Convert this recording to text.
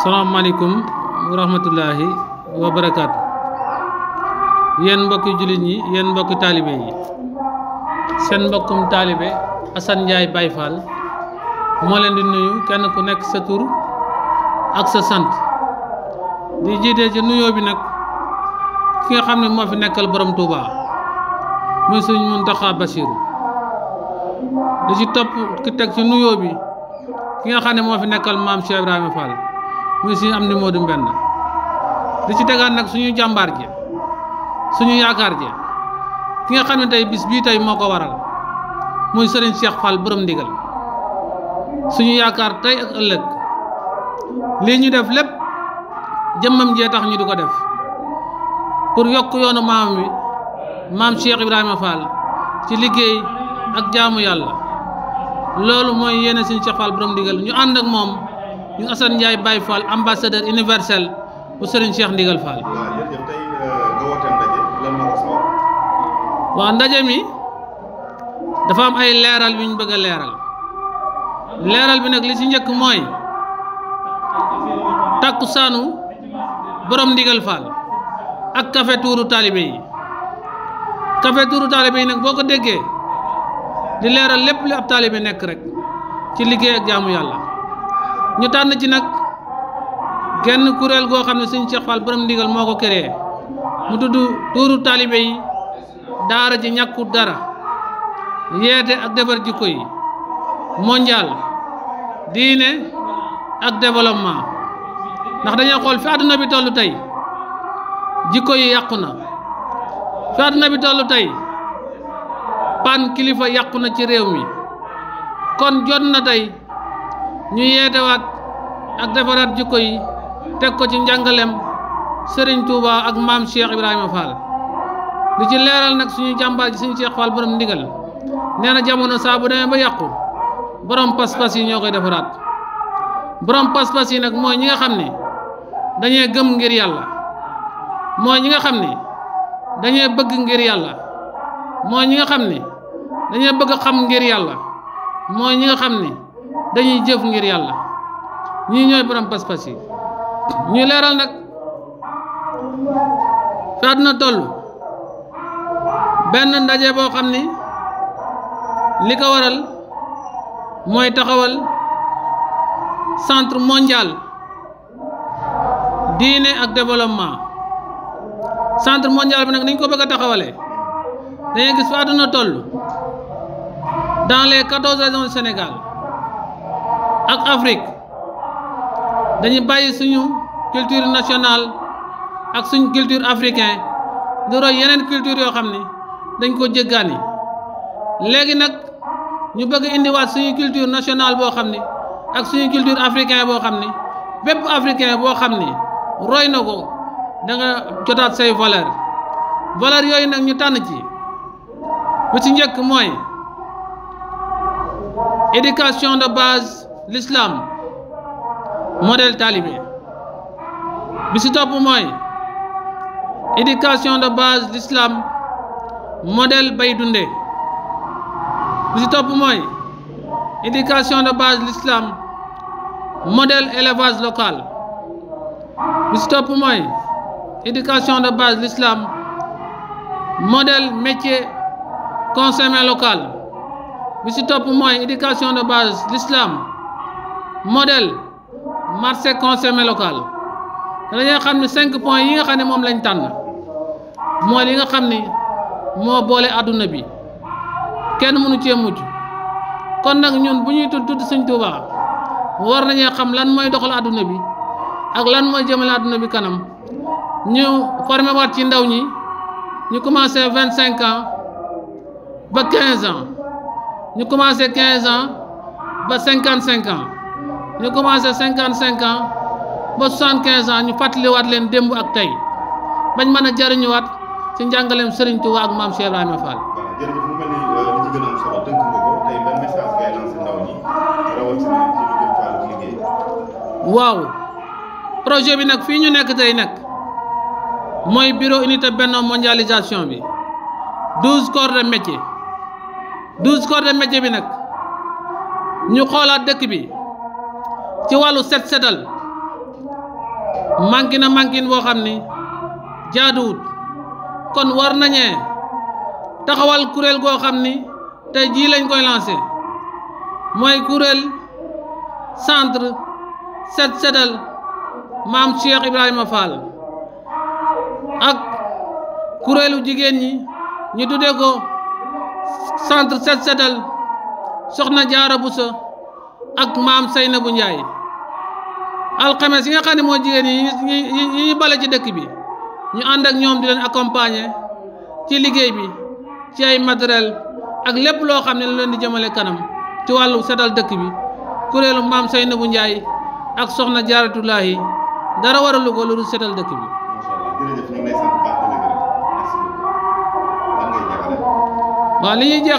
salaamaaleykum wa rahmatullahi wa barakaatu yéen mbokki jullit ñi yéen mbokki taalibe yi seen mbokkum taalibe Assane Ndiaye Baye Fall moo leen di nuyu kenn ku nekk sa tur ak sa sant di jiitee ci nuyoo bi nag ki nga xam ne moo fi nekkal borom Touba muy Sëriñ Muntaxa Basiru di ci topp ki teg ci nuyoo bi ki nga xam ne moo fi nekkal maam Cheikh Ibrahima Fall muy suñu am ni Modou Mbenda di ci tegaat nag suñu jàmbaar ji suñu yaakaar ji ki nga xam ne tey bis bii tey moo ko waral muy Serigne Cheikh Fall borom ndigal suñu yaakaar tey ak ëllëg lii ñu def lépp jëmmam jee tax ñu di ko def pour yokk yoonu maam wi maam Cheikh Ibrahima Fall ci liggéey ak jaamu yàlla loolu mooy yéene Serigne Cheikh Fall borom ndigal ñu ànd ak moom. ñu Assane Ndiaye Baye Fall ambassadeur universel bu Serigne Cheikh Ndigal Fall. waaw euh, ndaje mi dafa am ay leeral yu ñu bëgg a leeral leeral bi nag li ci njëkk mooy takku saanu borom ndigal faal ak café tuuru taalibe yi café tuuru taalibe yi nag boo ko déggee di leeral lépp li ab taalibe nekk rek ci liggéey ak jaamu yàlla ñu tànn ci nag genn kuréel goo xam ne siñ Cheikh Fall ndigal moo ko créé mu tudd tuuru taalibe yi daara ji ñàkku dara yeete ak defar jikko yi mondial diine ak développement ndax dañoo xool fi àdduna bi toll tey jikko yi yàqu na fi àdduna bi toll tey pan kilifa yàqu na ci réew mi kon jot na tey ñu yeetewaat ak defaraat jikko yi teg ko ci njàngalem sëriñ Touba ak maam Cheikh Ibrahima Fall di ci leeral nag suñu jàmbaar ji suñu Cheikh Fall borom ndigal nee na jamono saa bu demee ba yàqu boroom pas-pas yi ñoo koy defaraat borom pas-pas yi nag mooy ñi nga xam ni dañuy gëm ngir yàlla mooy ñi nga xam ni dañuy bëgg ngir yàlla mooy ñi nga xam ni dañuy bëgg xam ngir yàlla mooy ñi nga xam ni dañuy jëf ngir yàlla ñii ñooy borom pas-pas ñuy leeral nag fi àdduna toll benn ndaje boo xam ni li ko waral mooy taxawal centre mondial diine ak développement centre mondial bi nag ni ñu ko bëgg a taxawalee dañuy gis fi àdduna toll dans les quatorze régions du ak Afrique dañu bàyyi suñu culture nationale ak suñu culture africain di roy yeneen culture yoo xam ni dañ ko jéggaani léegi nag ñu bëgg indiwaat suñu culture nationale boo xam ne ak suñu culture africain boo xam ne bépp africain boo xam ne roy na ko danga nga jotaat say valeur valeur yooyu nag ñu tànn ci bu ci njëkk mooy éducation de base l'islam modèle talibé bi si topp mooy éducation de base l'islam modèle bay dunde bi si topp mooy éducation de base l'islam modèle élevage local bi si topp mooy éducation de base l'islam modèle métier consommé local bi si topp mooy éducation de base l'islam modèle marché consommé local dañoo xam ne cinq points yi nga xam ne moom lañu tànn mooy li nga xam ni moo boole àdduna bi kenn mënu cee mujj kon nag ñun bu ñuy tudd tudd Sëñ Tuubaa war nañoo xam lan mooy doxal àdduna bi ak lan mooy jëmale àdduna bi kanam ñu formé ci ndaw ñi ñu commencé vingt cinq ans ba quinze ñu commencé quinze ans ba cinquante cinq ans ñu commencé cinquante cinq ans ba soixante quinze ñu ñu fàttaliwaat leen démb ak tey bañ mën a jariñuwaat ci njàngaleem Serigne Touba ak maam Cheikh Ibrahima Fall. Euh, waaw projet bi nag fii ñu nekk tey nag mooy bureau unité benno mondialisation bi douze corps de métier douze corps de métier bi nag ñu xoolaat dëkk bi. ci wàllu set setal manqué na manqué boo xam ni jaaduwut kon war nañee taxawal kuréel goo xam ni tey jii lañ koy lancé mooy kuréel centre set setal maam Cheikh Ibrahima Fall ak kuréelu jigéen ñi ñu tuddee ko centre set setal soxna Jaara Buso ak maam sey na Seynabu Njaay alxames yi nga xam ne mooy jigéen ñi ñi ñu bale ci dëkk bi ñu ànd ak ñoom di leen accompagner ci liggéey bi ci ay matériel ak lépp loo xam ne lu leen di jëmale kanam ci wàllu setal dëkk bi kuréelu maam Seynabou njaay ak soxna Jaaratulaahi dara waralu ko lu dul setal dëkk bi. waaw li ñuy jeex